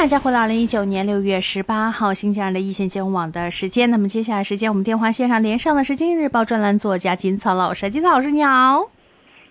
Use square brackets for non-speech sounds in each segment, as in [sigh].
大家回到二零一九年六月十八號，星期二的一線新聞網的時間。那麼接下來時間，我們電話線上連上的是《今日報》專欄作家金曹老師，金曹老師你好。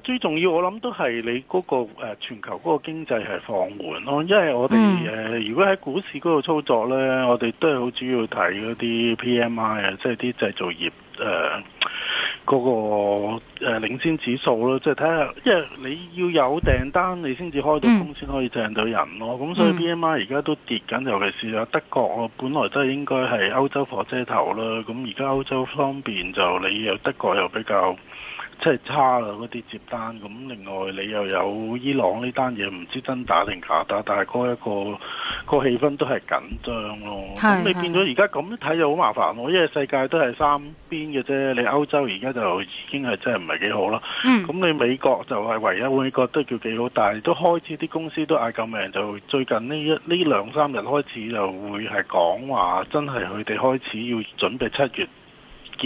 最重要我諗都係你嗰個誒全球嗰個經濟係放緩咯，因為我哋誒如果喺股市嗰度操作咧，我哋都係好主要睇嗰啲 PMI 啊，即係啲製造業誒、呃、嗰個誒領先指數咯，即係睇下，因為你要有訂單你先至開到工，先可以掙到人咯。咁所以 PMI 而家都在跌緊，尤其是有德國，我本來都係應該係歐洲火車頭啦。咁而家歐洲方面，就你又德國又比較。真係差啦嗰啲接單，咁另外你又有伊朗呢單嘢唔知真打定假打，但係嗰一個個氣氛都係緊張咯。咁是是 你變咗而家咁睇就好麻煩咯，因為世界都係三邊嘅啫。你歐洲而家就已經係真係唔係幾好啦。咁、嗯、你美國就係唯一美國都叫幾好，但係都開始啲公司都嗌救命，就最近呢一呢兩三日開始就會係講話，真係佢哋開始要準備七月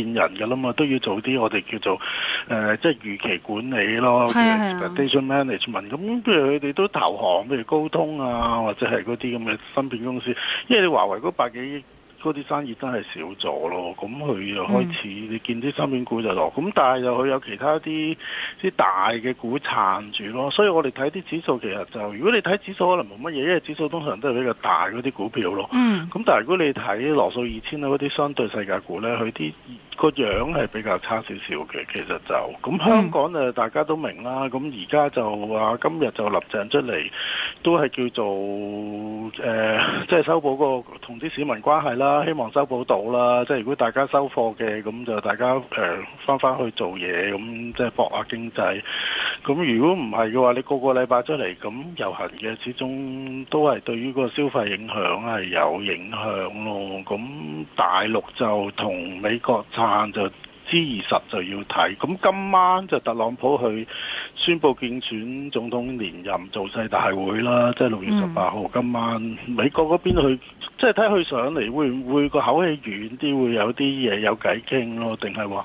見人㗎啦嘛，都要做啲我哋叫做誒、呃，即係預期管理咯，expectation 的 management 的。咁譬如佢哋都投行，譬如高通啊，或者係嗰啲咁嘅芯片公司，因為你華為嗰百幾億嗰啲生意真係少咗咯。咁佢又開始，嗯、你見啲芯片股就落，咁但係又佢有其他啲啲大嘅股撐住咯。所以我哋睇啲指數其實就，如果你睇指數可能冇乜嘢，因為指數通常都係比較大嗰啲股票咯。咁、嗯、但係如果你睇羅素二千嗰啲相對世界股咧，佢啲。個樣係比較差少少嘅，其實就咁香港誒，大家都明啦。咁而家就話今日就林鄭出嚟，都係叫做誒，即、呃、係、就是、修補個同啲市民關係啦。希望修補到啦。即係如果大家收貨嘅，咁就大家誒翻返去做嘢，咁即係博下經濟。咁如果唔係嘅話，你個個禮拜出嚟咁遊行嘅，始終都係對於個消費影響係有影響咯。咁大陸就同美國晚就知十就要睇，咁今晚就特朗普去宣布競選總統連任造勢大會啦，即係六月十八號。今晚、嗯、今晚美國嗰邊去，即係睇佢上嚟會唔會個口氣軟啲，會有啲嘢有偈傾咯，定係話。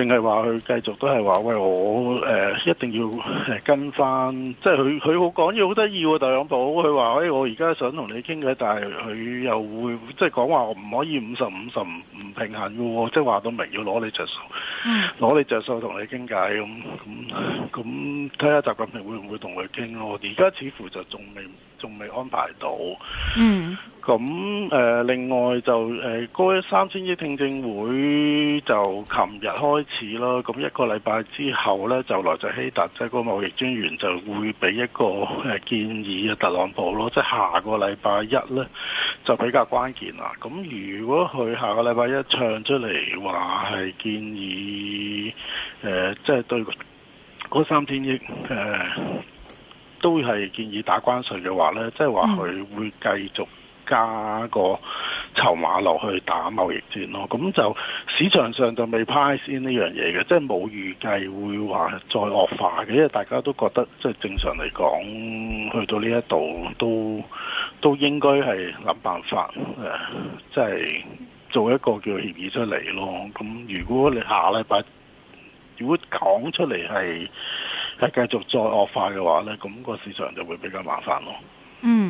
淨係話佢繼續都係話喂，我誒、呃、一定要、呃、跟翻，即係佢佢好講嘢，好得意喎。特朗普佢話，誒、欸、我而家想同你傾偈，但係佢又會即係講話，我唔可以五十五十唔平衡嘅，即係話到明要攞你著數，攞、嗯、你著數同你傾偈咁咁咁，睇下習近平會唔會同佢傾咯？而家似乎就仲未。仲未安排到，嗯，咁誒、呃、另外就誒嗰三千億聽證會就琴日開始咯，咁一個禮拜之後呢，就萊特希澤即係、就是、個貿易專員就會俾一個建議啊特朗普咯，即係下個禮拜一呢就比較關鍵啦。咁如果佢下個禮拜一唱出嚟話係建議誒，即、呃、係、就是、對嗰三千億誒。呃都係建議打關稅嘅話呢即係話佢會繼續加個籌碼落去打貿易戰咯。咁就市場上就未 price in 呢樣嘢嘅，即係冇預計會話再惡化嘅，因為大家都覺得即係、就是、正常嚟講，去到呢一度都都應該係諗辦法誒即係、就是、做一個叫協議出嚟咯。咁如果你下禮拜如果講出嚟係，係繼續再惡化嘅話呢，咁個市場就會比較麻煩咯。嗯。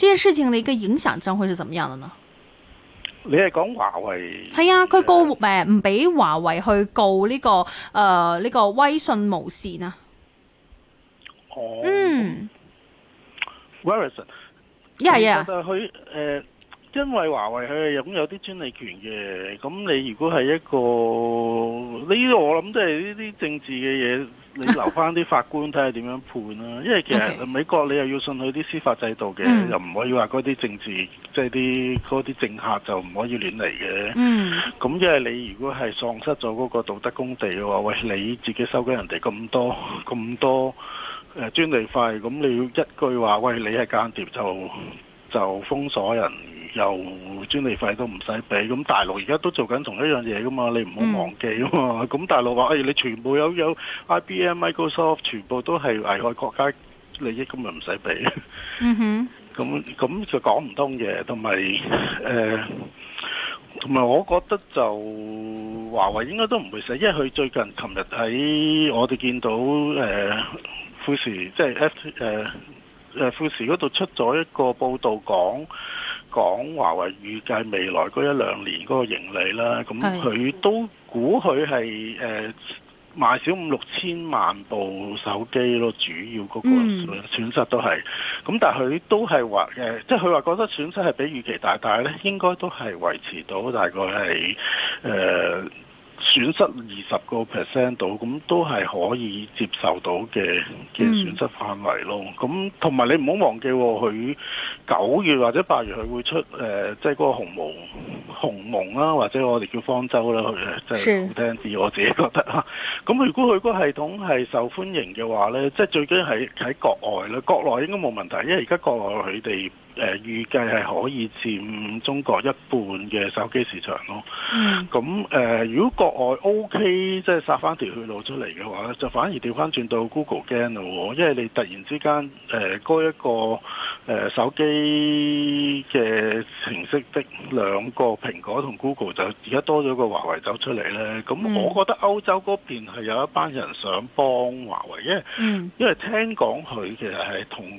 這件事情你的一個影響將會是怎麼樣的呢？你係講華為？係啊，佢告誒，唔俾華為去告呢，這個誒呢，呃這個威信無線啊。哦，oh. 嗯，嗯 Verizon 一係啊，佢，呃，誒，因為華為佢擁有啲專利權嘅，咁你如果係一個呢，我諗都係呢啲政治嘅嘢。 [laughs] 你留翻啲法官睇下點樣判啦、啊，因為其實美國你又要信佢啲司法制度嘅，Okay. 又唔可以話嗰啲政治即係啲嗰啲政客就唔可以亂嚟嘅。咁因為你如果係喪失咗嗰個道德高地嘅話，喂，你自己收緊人哋咁多咁多、呃、專利費，咁你要一句話，喂，你係間諜就就封鎖人。又專利費都唔使俾咁，大陸而家都做緊同一樣嘢㗎嘛？你唔好忘記啊嘛！咁、嗯、大陸話、哎、你全部有有 I B M、Microsoft 全部都係危害國家利益咁，咪唔使俾。嗯、哼，咁咁就講唔通嘅，同埋誒、同、呃、埋我覺得就華為應該都唔會使，因為佢最近琴日喺我哋見到誒、呃、富時，即係誒誒富時嗰度出咗一個報道講。講華為預計未來嗰一兩年嗰個盈利啦，咁佢都估佢係、呃、賣少五六千萬部手機咯，主要嗰個損失都係。咁、嗯、但係佢都係話、呃、即係佢話覺得損失係比預期大，但係咧應該都係維持到大概係、呃損失二十個 percent 到，咁都係可以接受到嘅嘅損失範圍咯。咁同埋你唔好忘記喎，佢九月或者八月佢會出誒，即係嗰個鴻蒙鴻蒙啦，或者我哋叫方舟啦，佢即係好聽啲。我自己覺得啦。咁如果佢嗰個系統係受歡迎嘅話咧，即係最緊係喺國外啦，國內應該冇問題，因為而家國內佢哋誒預計係可以佔中國一半嘅手機市場咯。咁誒，如果國我 [music] OK，即係殺翻條血路出嚟嘅話，咧，就反而調翻轉到 Google Game 咯，因為你突然之間誒嗰一個。誒手機嘅程式的兩個蘋果同 Google 就而家多咗個華為走出嚟咧，咁、嗯、我覺得歐洲嗰邊係有一班人想幫華為，因為、嗯、因為聽講佢其實係同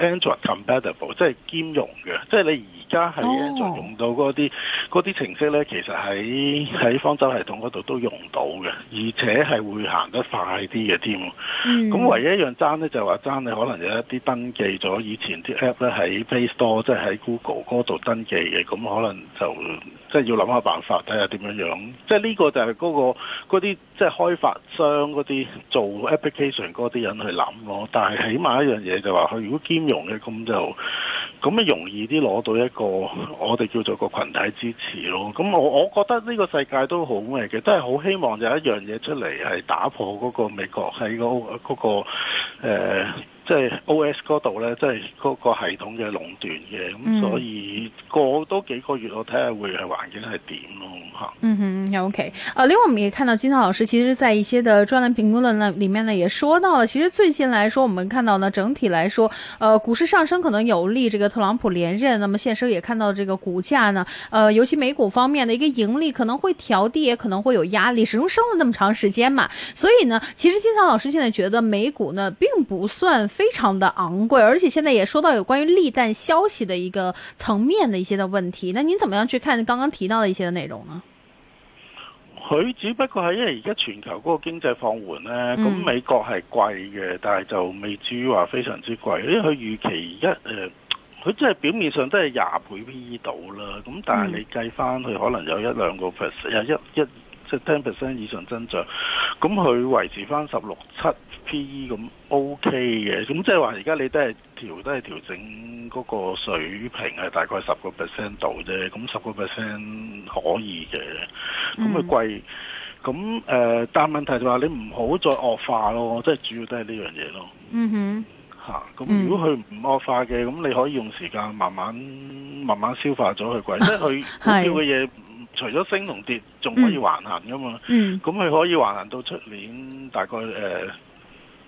Android compatible，即係兼容嘅，即、就、係、是、你而家係 Android 用到嗰啲嗰啲程式咧，其實喺喺方舟係統嗰度都用到嘅，而且係會行得快啲嘅添。咁、嗯、唯一一樣爭咧就話、是、爭你可能有一啲登記咗以前。啲 app 咧喺 Play Store 即係喺 Google 嗰度登記嘅，咁可能就即係、就是、要諗下辦法睇下點樣樣，即係呢個就係嗰、那個嗰啲即係開發商嗰啲做 application 嗰啲人去諗咯。但係起碼一樣嘢就話佢如果兼容嘅，咁就咁啊容易啲攞到一個我哋叫做個群體支持咯。咁我我覺得呢個世界都好咩嘅，都係好希望有一樣嘢出嚟係打破嗰個美國喺嗰、那個、那個呃即係 O.S. 嗰度咧，即係嗰個系統嘅壟斷嘅，咁、嗯嗯、所以過多幾個月，我睇下會係環境係點咯嚇。嗯哼，OK。啊、呃，另外我們也看到金曹老師其實在一些的專欄評論呢裡面呢，也說到了，其實最近來說，我們看到呢，整體來說，呃，股市上升可能有利這個特朗普連任。那麼現時也看到這個股價呢，呃，尤其美股方面的一個盈利可能會調低，也可能會有壓力。始終升了那麼長時間嘛，所以呢，其實金曹老師現在覺得美股呢並不算非常的昂貴，而且現在也說到有關於利淡消息的一個層面的一些的問題，那您怎麼樣去看剛剛提到的一些的內容呢？佢只不過係因為而家全球嗰個經濟放緩咧，咁美國係貴嘅，但係就未至於話非常之貴，因為佢預期一誒，佢即係表面上都係廿倍 P E 度啦，咁但係你計翻去可能有一兩個 percent 有一一。一 ten percent 以上增長，咁佢維持返十六七 PE 咁 OK 嘅，咁即係話而家你都係調都係調整嗰個水平係大概十個 percent 度啫，咁十個 percent 可以嘅，咁佢貴，咁誒、mm. 呃，但問題就話你唔好再惡化咯，即、就、係、是、主要都係呢樣嘢咯。嗯哼、mm，嚇、hmm. 啊，咁如果佢唔惡化嘅，咁你可以用時間慢慢慢慢消化咗佢貴，即係佢要嘅嘢。除咗升同跌，仲可以橫行噶嘛？咁佢、嗯、可以橫行到出年大概誒、呃、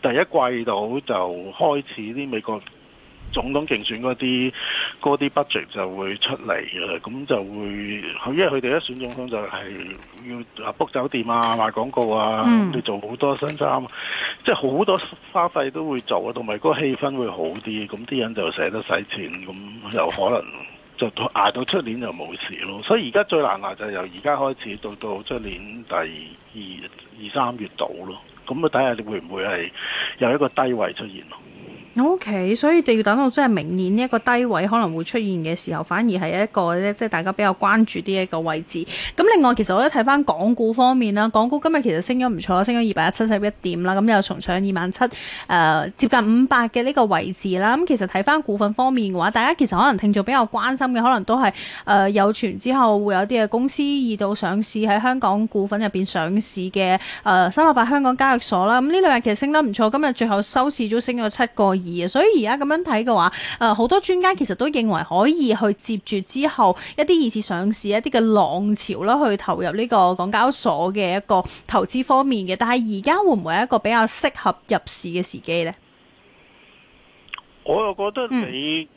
第一季度就開始啲美國總統競選嗰啲嗰啲 budget 就會出嚟嘅，咁就會，因為佢哋一選總統就係要 book 酒店啊、賣廣告啊，要、嗯、做好多新衫，即係好多花費都會做啊，同埋嗰個氣氛會好啲，咁啲人就捨得使錢，咁有可能。就捱到出年就冇事咯，所以而家最難捱就由而家開始到到出年第二二三月度咯，咁啊，睇下你會唔會係有一個低位出現咯？O.K.，所以就要等到即係明年呢一個低位可能會出現嘅時候，反而係一個即係、就是、大家比較關注啲一個位置。咁另外，其實我都睇翻港股方面啦，港股今日其實升咗唔錯，升咗二百七十一點啦，咁又重上二萬七，接近五百嘅呢個位置啦。咁其實睇翻股份方面嘅話，大家其實可能聽做比較關心嘅，可能都係誒、呃、有傳之後會有啲嘅公司二度上市喺香港股份入面上市嘅，誒三百八香港交易所啦。咁呢兩日其實升得唔錯，今日最後收市都升咗七個。所以而家咁樣睇嘅話，誒、呃，好多專家其實都認為可以去接住之後一啲二次上市一啲嘅浪潮啦，去投入呢個港交所嘅一個投資方面嘅。但係而家會唔會係一個比較適合入市嘅時機呢？我又覺得你、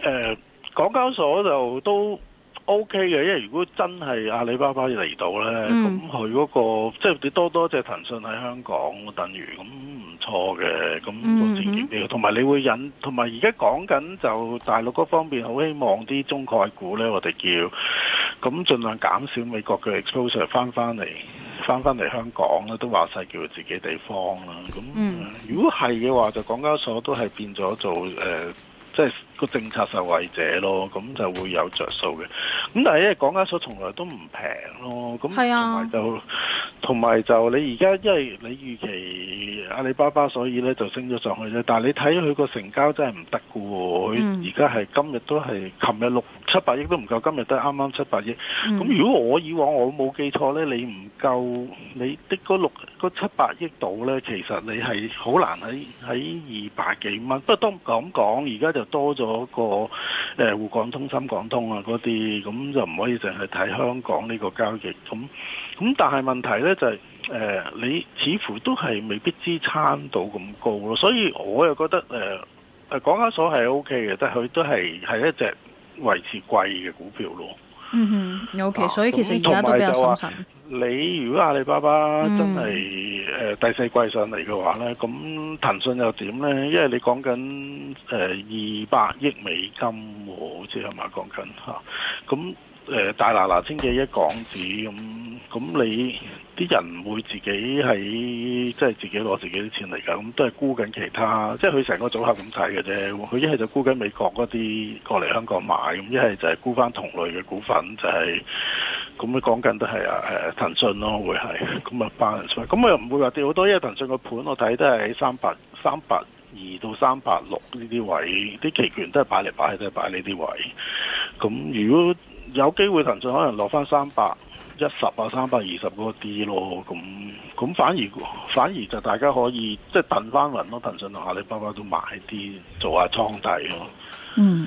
嗯呃，港交所就都。O K 嘅，因為如果真係阿里巴巴嚟到呢，咁佢嗰個即係你多多即係騰訊喺香港，我等於咁唔錯嘅，咁都積極啲。同埋、嗯嗯、你會引，同埋而家講緊就大陸嗰方面好希望啲中概股呢，我哋叫咁盡量減少美國嘅 exposure，翻翻嚟，翻返嚟香港咧，都話晒叫自己地方啦。咁如果係嘅話，就港交所都係變咗做誒。呃即係個政策受惠者咯，咁就會有着數嘅。咁但係因為港交所從來都唔平咯，咁同埋就同埋係啊，就你而家因為你預期。阿里巴巴所以咧就升咗上去啫，但係你睇佢個成交真係唔得嘅喎，佢而家係今日都係，琴日六七百億都唔夠，今日都係啱啱七百億。咁、嗯、如果我以往我冇記錯咧，你唔夠，你的嗰六嗰七百億度咧，其實你係好難喺喺二百幾蚊。不過都咁講，而家就多咗個誒滬港通、深港通啊嗰啲，咁就唔可以淨係睇香港呢個交易。咁咁但係問題咧就係誒、呃，你似乎都係未必支撐到咁高咯，所以我又覺得誒誒，港、呃、交所係 O K 嘅，但係佢都係係一隻維持貴嘅股票咯。嗯嗯 O K，所以其實而家都比較心神、啊、你如果阿里巴巴真係、呃、第四季上嚟嘅話咧，咁、mm hmm. 騰訊又點咧？因為你講緊誒二百億美金喎、哦，好似係咪講緊嚇咁、啊呃、大嗱嗱千嘅一港紙咁，咁你？啲人唔會自己喺即係自己攞自己啲錢嚟㗎，咁都係估緊其他，即係佢成個組合咁睇嘅啫。佢一係就估緊美國嗰啲過嚟香港買，咁一係就係估翻同類嘅股份，就係咁佢講緊都係啊誒騰訊咯，會係咁啊，翻咁佢又唔會話跌好多，因為騰訊個盤我睇都係喺三百三百二到三百六呢啲位，啲期權都係擺嚟擺去都係擺呢啲位。咁如果有機會騰訊可能落翻三百。一十啊，三百二十嗰啲咯，咁咁反而反而就大家可以即係等翻輪咯，騰訊同阿里巴巴都買啲做下倉底咯。嗯。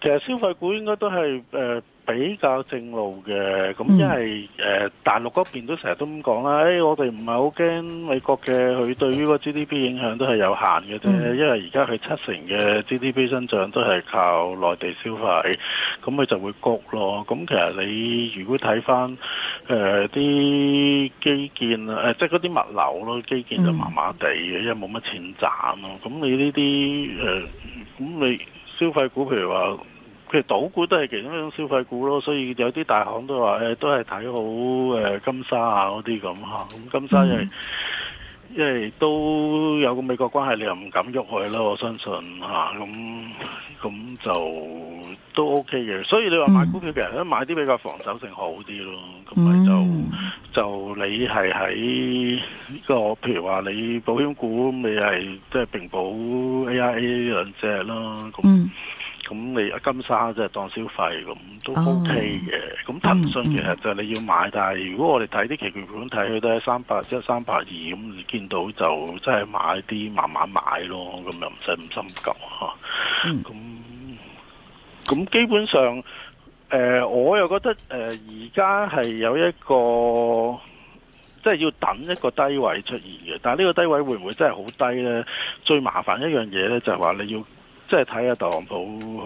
其實消費股應該都係誒比較正路嘅。咁因為誒大陸嗰邊都成日都咁講啦，誒、mm. 哎、我哋唔係好驚美國嘅，佢對於個 GDP 影響都係有限嘅啫，mm. 因為而家佢七成嘅 GDP 增長都係靠內地消費，咁佢就會谷咯。咁其實你如果睇翻誒啲基建啊，誒即係嗰啲物流咯，基建就麻麻地嘅，mm. 因為冇乜錢賺咯。咁你呢啲誒咁你？消費股，譬如話，其實賭股都係其中一種消費股咯，所以有啲大行都話，誒、欸，都係睇好誒、呃、金沙啊嗰啲咁嚇，咁金沙因為、mm hmm. 因為都有個美國關係，你又唔敢喐佢咯，我相信嚇，咁咁就都 OK 嘅，所以你話買股票嘅人都買啲比較防守性好啲咯，咁咪就。Mm hmm. 就你係喺、呢個，譬如話你保險股你係即係並保 AIA 兩隻啦。咁咁、嗯、你金沙即係當消費咁都 OK 嘅。咁、啊、騰訊其實就你要買，嗯、但係如果我哋睇啲期權盤睇佢都係三百即係三百二咁，你見到就即係買啲慢慢買咯，咁又唔使咁心急咁咁基本上。誒、呃，我又覺得誒，而家係有一個，即係要等一個低位出現嘅。但呢個低位會唔會真係好低呢？最麻煩一樣嘢呢，就係話你要即係睇下特朗普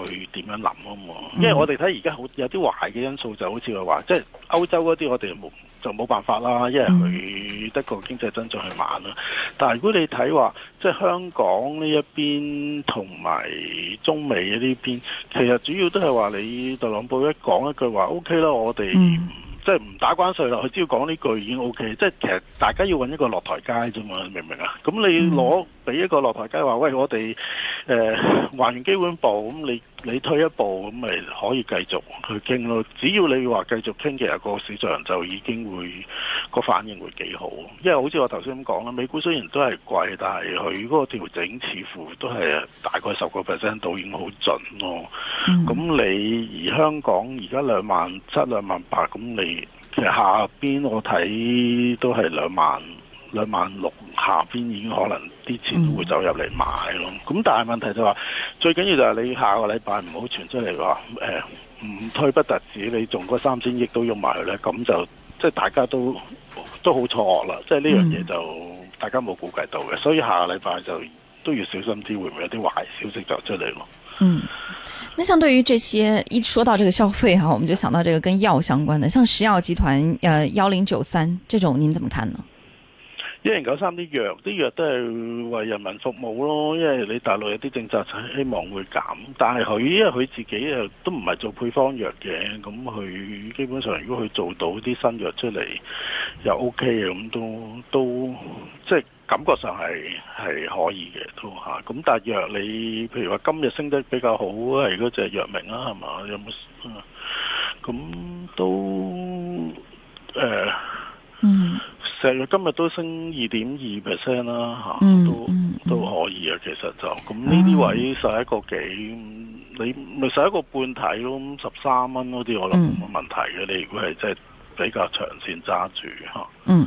佢點樣諗啊嘛。嗯、因為我哋睇而家好有啲壞嘅因素，就好似佢話，即係歐洲嗰啲我哋冇。就冇辦法啦，因為佢德國經濟增長係慢啦。嗯、但如果你睇話，即係香港呢一邊同埋中美呢邊，其實主要都係話你特朗普一講一句話，O K 啦，我哋、嗯、即係唔打關稅啦。佢只要講呢句已經 O、OK, K，即係其實大家要揾一個落台階啫嘛，明唔明啊？咁你攞俾、嗯、一個落台階話，喂，我哋。誒、呃、還原基本步，咁你你退一步，咁咪可以繼續去傾咯。只要你話繼續傾，其、那、實個市場就已經會、那個反應會幾好。因為好似我頭先咁講啦，美股雖然都係貴，但係佢嗰個調整似乎都係大概十個 percent，度已經好準咯。咁、嗯、你而香港而家兩萬七、兩萬八，咁你其實下邊我睇都係兩萬兩萬六。下邊已經可能啲錢會走入嚟買咯，咁、嗯、但係問題就話、是，最緊要就係你下個禮拜唔好傳出嚟話，誒、呃，唔推不特止，你仲嗰三千億都用埋去咧，咁就即係大家都都好錯愕啦，即係呢樣嘢就大家冇估計到嘅，嗯、所以下個禮拜就都要小心啲，會唔會有啲壞消息就出嚟咯。嗯，那相對於這些一說到這個消費哈，我們就想到這個跟藥相關的，像石藥集團，誒、呃，幺零九三這種，您怎麼看呢？一零九三啲藥，啲藥都係為人民服務咯。因為你大陸有啲政策，就希望會減。但係佢，因為佢自己都唔係做配方藥嘅，咁佢基本上如果佢做到啲新藥出嚟，又 OK 嘅，咁都都即係感覺上係係可以嘅，都嚇。咁但係藥你，譬如話今日升得比較好，係嗰隻藥明啦，係嘛？有冇？咁都誒、呃、嗯。就係今日都升二點二 percent 啦，嚇、啊，都都可以啊。其實就咁呢啲位十一個幾，你咪十一個半睇咯。十三蚊嗰啲我諗冇問題嘅。嗯、你如果係即係比較長線揸住嚇。嗯。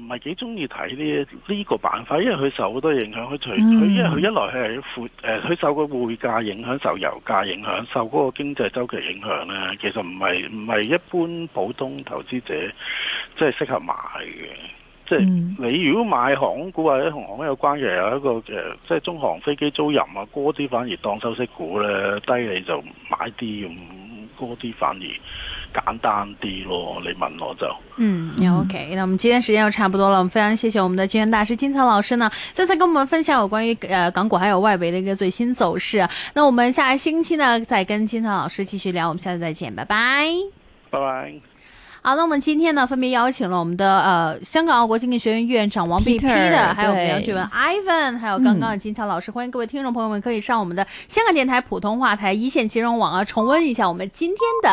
唔係幾中意睇呢呢個板塊，因為佢受好多影響。佢除佢，因為佢一來佢係誒，佢受個匯價影響、受油價影響、受嗰個經濟週期影響咧，其實唔係唔係一般普通投資者即係適合買嘅。即係你如果買航空股或者同航空有關嘅有一個嘅，即係中航飛機租賃啊，高啲反而當收息股咧，低你就買啲咁，高啲反而。簡單啲咯，你問我就。嗯，嗯，OK，那我們今天時間又差不多了，我們非常謝謝我們的金元大師金曹老師呢，再次跟我們分享有關於呃港股還有外圍的一個最新走勢啊。那我們下個星期呢再跟金曹老師繼續聊，我們下次再見，拜拜。拜拜 bye。好，那我們今天呢分別邀請了我們的呃香港澳國經濟學院院長王彼得，還有我們楊俊文 Ivan，還有剛剛的金曹老師，嗯、歡迎各位聽眾朋友們可以上我們的香港電台普通話台一線金融網啊重溫一下我們今天的。